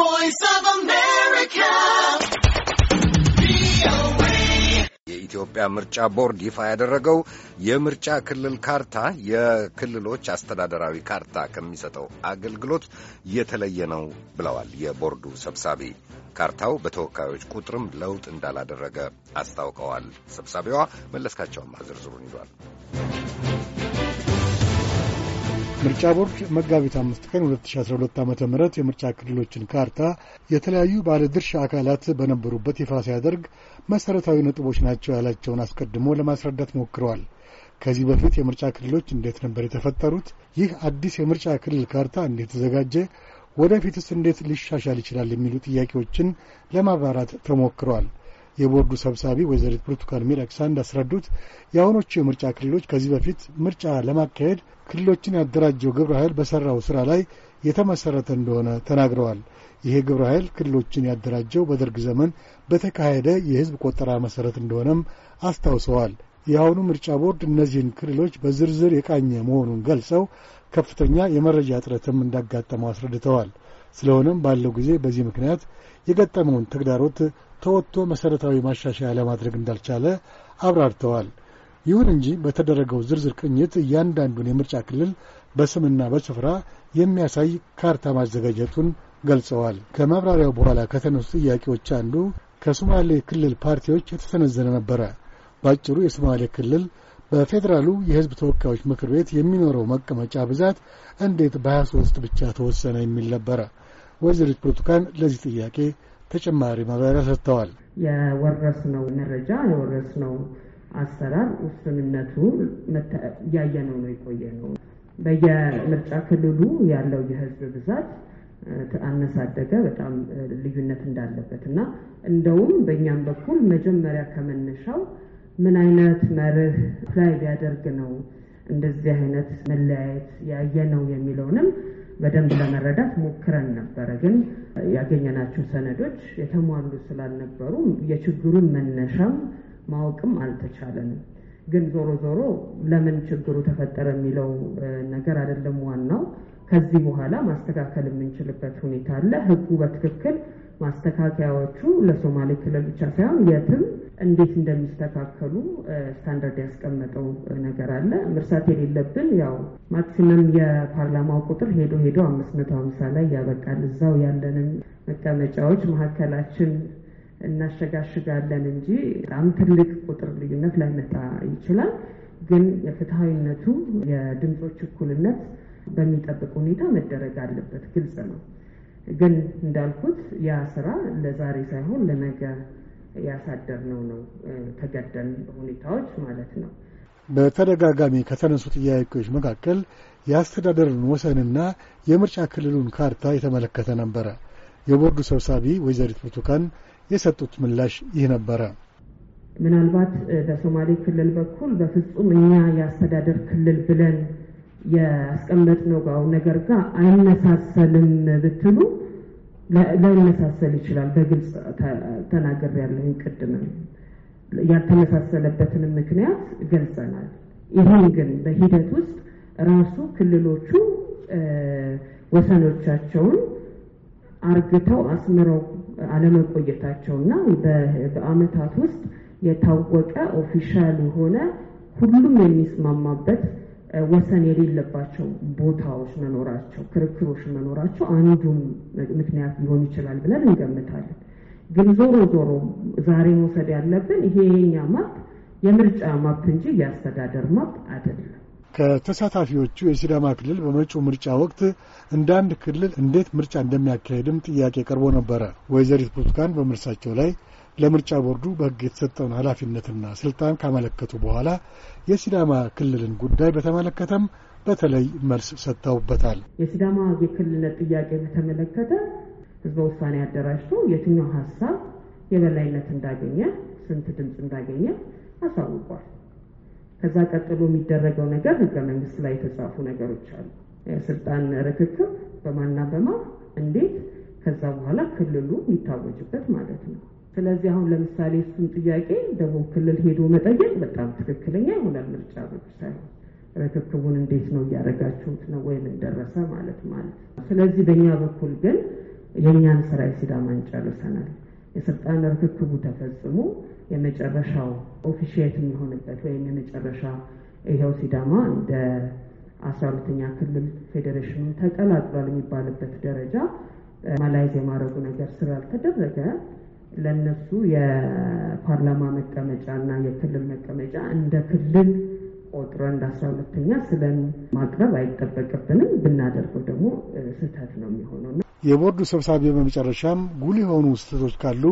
voice of America. የኢትዮጵያ ምርጫ ቦርድ ይፋ ያደረገው የምርጫ ክልል ካርታ የክልሎች አስተዳደራዊ ካርታ ከሚሰጠው አገልግሎት የተለየ ነው ብለዋል የቦርዱ ሰብሳቢ። ካርታው በተወካዮች ቁጥርም ለውጥ እንዳላደረገ አስታውቀዋል። ሰብሳቢዋ መለስካቸውማ ዝርዝሩን ይዟል። ምርጫ ቦርድ መጋቢት አምስት ቀን 2012 ዓ ም የምርጫ ክልሎችን ካርታ የተለያዩ ባለድርሻ አካላት በነበሩበት ይፋ ሲያደርግ መሠረታዊ ነጥቦች ናቸው ያላቸውን አስቀድሞ ለማስረዳት ሞክረዋል። ከዚህ በፊት የምርጫ ክልሎች እንዴት ነበር የተፈጠሩት? ይህ አዲስ የምርጫ ክልል ካርታ እንዴት ተዘጋጀ? ወደፊትስ እንዴት ሊሻሻል ይችላል? የሚሉ ጥያቄዎችን ለማብራራት ተሞክረዋል። የቦርዱ ሰብሳቢ ወይዘሪት ብርቱካን ሚደቅሳ እንዳስረዱት የአሁኖቹ የምርጫ ክልሎች ከዚህ በፊት ምርጫ ለማካሄድ ክልሎችን ያደራጀው ግብረ ኃይል በሠራው ሥራ ላይ የተመሠረተ እንደሆነ ተናግረዋል። ይሄ ግብረ ኃይል ክልሎችን ያደራጀው በደርግ ዘመን በተካሄደ የሕዝብ ቆጠራ መሠረት እንደሆነም አስታውሰዋል። የአሁኑ ምርጫ ቦርድ እነዚህን ክልሎች በዝርዝር የቃኘ መሆኑን ገልጸው ከፍተኛ የመረጃ እጥረትም እንዳጋጠመው አስረድተዋል። ስለሆነም ባለው ጊዜ በዚህ ምክንያት የገጠመውን ተግዳሮት ተወጥቶ መሠረታዊ ማሻሻያ ለማድረግ እንዳልቻለ አብራርተዋል። ይሁን እንጂ በተደረገው ዝርዝር ቅኝት እያንዳንዱን የምርጫ ክልል በስምና በስፍራ የሚያሳይ ካርታ ማዘጋጀቱን ገልጸዋል። ከማብራሪያው በኋላ ከተነሱ ጥያቄዎች አንዱ ከሶማሌ ክልል ፓርቲዎች የተሰነዘነ ነበረ። በአጭሩ የሶማሌ ክልል በፌዴራሉ የሕዝብ ተወካዮች ምክር ቤት የሚኖረው መቀመጫ ብዛት እንዴት በ23 ብቻ ተወሰነ የሚል ነበረ። ወይዘሪት ብርቱካን ለዚህ ጥያቄ ተጨማሪ ማብራሪያ ሰጥተዋል። የወረስነው መረጃ የወረስነው አሰራር ውስንነቱ እያየነው ነው የቆየ ነው። በየምርጫ ክልሉ ያለው የህዝብ ብዛት አነሳደገ በጣም ልዩነት እንዳለበት እና እንደውም በእኛም በኩል መጀመሪያ ከመነሻው ምን አይነት መርህ ላይ ቢያደርግ ነው እንደዚህ አይነት መለያየት ያየ ነው የሚለውንም በደንብ ለመረዳት ሞክረን ነበረ። ግን ያገኘናቸው ሰነዶች የተሟሉ ስላልነበሩ የችግሩን መነሻም ማወቅም አልተቻለንም። ግን ዞሮ ዞሮ ለምን ችግሩ ተፈጠረ የሚለው ነገር አይደለም ዋናው። ከዚህ በኋላ ማስተካከል የምንችልበት ሁኔታ አለ። ህጉ በትክክል ማስተካከያዎቹ ለሶማሌ ክልል ብቻ ሳይሆን የትም እንዴት እንደሚስተካከሉ ስታንዳርድ ያስቀመጠው ነገር አለ። ምርሳት የሌለብን ያው ማክሲመም የፓርላማው ቁጥር ሄዶ ሄዶ አምስት መቶ ሀምሳ ላይ ያበቃል። እዛው ያለንን መቀመጫዎች መካከላችን እናሸጋሽጋለን እንጂ በጣም ትልቅ ቁጥር ልዩነት ላይመጣ ይችላል። ግን የፍትሐዊነቱ የድምፆች እኩልነት በሚጠብቅ ሁኔታ መደረግ አለበት። ግልጽ ነው። ግን እንዳልኩት ያ ስራ ለዛሬ ሳይሆን ለነገ ነው ነው። ተገደን ሁኔታዎች ማለት ነው። በተደጋጋሚ ከተነሱ ጥያቄዎች መካከል የአስተዳደርን ወሰንና የምርጫ ክልሉን ካርታ የተመለከተ ነበረ። የቦርዱ ሰብሳቢ ወይዘሪት ብርቱካን የሰጡት ምላሽ ይህ ነበረ። ምናልባት በሶማሌ ክልል በኩል በፍጹም እኛ የአስተዳደር ክልል ብለን ያስቀመጥነው ጋር ነገር ጋር አይመሳሰልም ብትሉ ላይመሳሰል ይችላል። በግልጽ ተናግሬያለሁ። ቅድም ያልተመሳሰለበትንም ምክንያት ገልጸናል። ይህም ግን በሂደት ውስጥ ራሱ ክልሎቹ ወሰኖቻቸውን አርግተው አስምረው አለመቆየታቸውና በአመታት ውስጥ የታወቀ ኦፊሻል የሆነ ሁሉም የሚስማማበት ወሰን የሌለባቸው ቦታዎች መኖራቸው፣ ክርክሮች መኖራቸው አንዱም ምክንያት ሊሆን ይችላል ብለን እንገምታለን። ግን ዞሮ ዞሮ ዛሬ መውሰድ ያለብን ይሄ የኛ ማፕ የምርጫ ማፕ እንጂ የአስተዳደር ማፕ አይደለም። ከተሳታፊዎቹ የሲዳማ ክልል በመጪው ምርጫ ወቅት እንደ አንድ ክልል እንዴት ምርጫ እንደሚያካሄድም ጥያቄ ቀርቦ ነበረ። ወይዘሪት ብርቱካን በምርሳቸው ላይ ለምርጫ ቦርዱ በሕግ የተሰጠውን ኃላፊነትና ስልጣን ካመለከቱ በኋላ የሲዳማ ክልልን ጉዳይ በተመለከተም በተለይ መልስ ሰጥተውበታል። የሲዳማ የክልልነት ጥያቄ በተመለከተ ህዝበ ውሳኔ አደራጅቶ የትኛው ሀሳብ የበላይነት እንዳገኘ፣ ስንት ድምፅ እንዳገኘ አሳውቋል። ከዛ ቀጥሎ የሚደረገው ነገር ህገ መንግስት ላይ የተጻፉ ነገሮች አሉ። የስልጣን ርክክብ በማና በማ እንዴት ከዛ በኋላ ክልሉ የሚታወጅበት ማለት ነው። ስለዚህ አሁን ለምሳሌ እሱን ጥያቄ ደቡብ ክልል ሄዶ መጠየቅ በጣም ትክክለኛ ይሆናል። ምርጫ ብቻ ሳይሆን ርክክቡን እንዴት ነው እያደረጋችሁት ነው ወይም እንደረሰ ማለት ማለት ስለዚህ በእኛ በኩል ግን የእኛን ስራ የሲዳማን ጨርሰናል። የስልጣን ርክክቡ ተፈጽሞ የመጨረሻው ኦፊሽት የሚሆንበት ወይም የመጨረሻ ይኸው ሲዳማ እንደ አስራ ሁለተኛ ክልል ፌዴሬሽኑን ተቀላቅሏል የሚባልበት ደረጃ ማላይዝ የማድረጉ ነገር ስላልተደረገ ለነሱ የፓርላማ መቀመጫ እና የክልል መቀመጫ እንደ ክልል ቆጥሮ እንደ አስራ ሁለተኛ ስለን ማቅረብ አይጠበቅብንም። ብናደርገው ደግሞ ስህተት ነው የሚሆነው። የቦርዱ ሰብሳቢ በመጨረሻም ጉል የሆኑ ስህተቶች ካሉ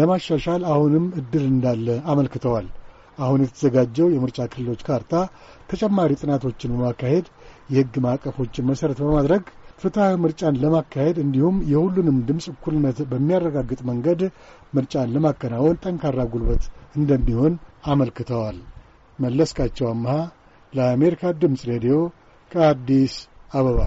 ለማሻሻል አሁንም እድል እንዳለ አመልክተዋል። አሁን የተዘጋጀው የምርጫ ክልሎች ካርታ ተጨማሪ ጥናቶችን በማካሄድ የሕግ ማዕቀፎችን መሠረት በማድረግ ፍትሐዊ ምርጫን ለማካሄድ እንዲሁም የሁሉንም ድምፅ እኩልነት በሚያረጋግጥ መንገድ ምርጫን ለማከናወን ጠንካራ ጉልበት እንደሚሆን አመልክተዋል። መለስካቸው አምሃ ለአሜሪካ ድምፅ ሬዲዮ ከአዲስ አበባ